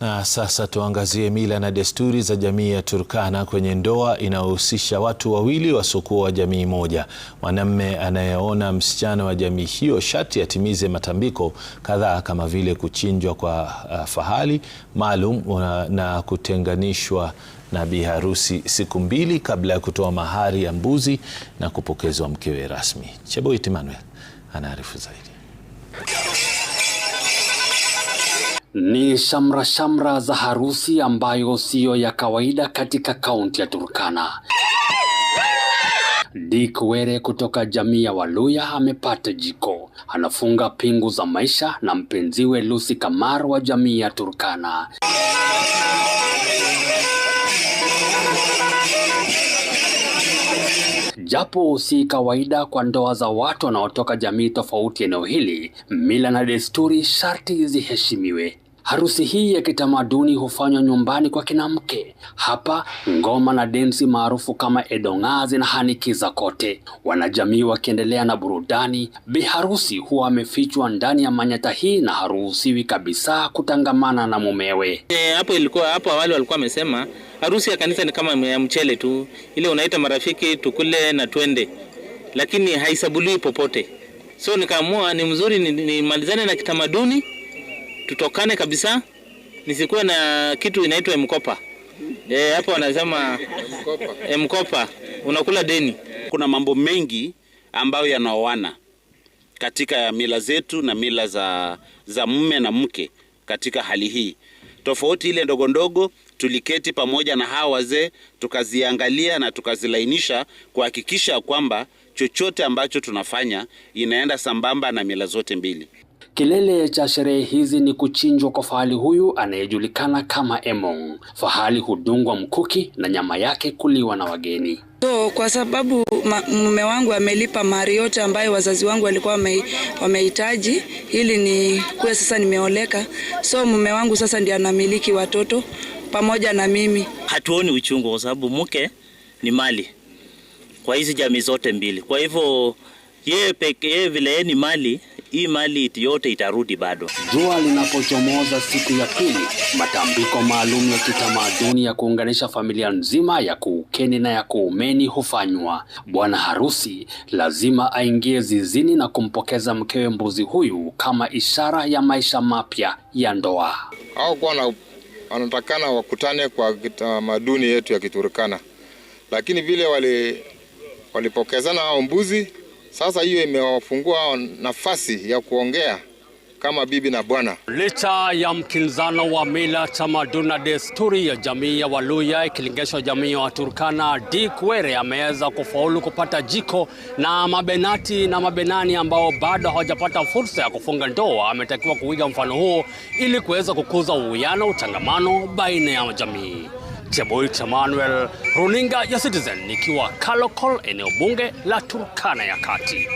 Na sasa tuangazie mila na desturi za jamii ya Turkana kwenye ndoa inayohusisha watu wawili wasiokuwa wa jamii moja. Mwanamume anayeona msichana wa jamii hiyo sharti atimize matambiko kadhaa kama vile kuchinjwa kwa uh, fahali maalum na kutenganishwa na bi harusi siku mbili kabla ya kutoa mahari ya mbuzi na kupokezwa mkewe rasmi. Cheboit Emmanuel anaarifu zaidi. Ni shamra-shamra za harusi ambayo siyo ya kawaida katika kaunti ya Turkana. Dick Were kutoka jamii ya Waluya amepata jiko, anafunga pingu za maisha na mpenziwe Lucy kamar wa jamii ya Turkana. Japo si kawaida kwa ndoa za watu wanaotoka jamii tofauti eneo hili, mila na desturi sharti ziheshimiwe. Harusi hii ya kitamaduni hufanywa nyumbani kwa kina mke. Hapa ngoma na densi maarufu kama edong'a zinahanikiza kote, wanajamii wakiendelea na burudani. Biharusi huwa amefichwa ndani ya manyata hii na haruhusiwi kabisa kutangamana na mumewe. E, hapo ilikuwa hapo awali walikuwa wamesema harusi ya kanisa ni kama ya mchele tu, ile unaita marafiki tukule na twende, lakini haisabuliwi popote. So nikaamua ni mzuri nimalizane ni na kitamaduni tutokane kabisa, nisikuwe na kitu inaitwa mkopa. E, eh, hapo wanasema mkopa, unakula deni. Kuna mambo mengi ambayo yanaoana katika mila zetu na mila za, za mume na mke katika hali hii tofauti ile ndogo ndogo tuliketi pamoja na hawa wazee tukaziangalia na tukazilainisha kuhakikisha kwamba chochote ambacho tunafanya inaenda sambamba na mila zote mbili. Kilele cha sherehe hizi ni kuchinjwa kwa fahali huyu anayejulikana kama Emong. Fahali hudungwa mkuki na nyama yake kuliwa na wageni. So, kwa sababu mume wangu amelipa mali yote ambayo wazazi wangu walikuwa wamehitaji ili ni kuwe sasa nimeoleka. So mume wangu sasa ndiye anamiliki watoto pamoja na mimi. Hatuoni uchungu kwa sababu mke ni mali kwa hizi jamii zote mbili. Kwa hivyo yeye pekee vile ni mali hii mali yote itarudi bado. Jua linapochomoza siku ya pili, matambiko maalum ya kitamaduni ya kuunganisha familia nzima ya kuukeni na ya kuumeni hufanywa. Bwana harusi lazima aingie zizini na kumpokeza mkewe mbuzi huyu kama ishara ya maisha mapya ya ndoa. Hao kwa wanatakana wakutane kwa kitamaduni yetu ya Kiturkana, lakini vile walipokezana hao mbuzi sasa hiyo imewafungua nafasi ya kuongea kama bibi na bwana. Licha ya mkinzano wa mila, tamaduni na desturi ya jamii ya Waluya ikilinganishwa jamii ya Waturkana, dikwere ameweza kufaulu kupata jiko, na mabenati na mabenani ambao bado hawajapata fursa ya kufunga ndoa ametakiwa kuiga mfano huo ili kuweza kukuza uwiano, utangamano baina ya jamii. Cheboit Manuel, runinga ya Citizen, nikiwa Kalokol, eneo bunge la Turkana ya Kati.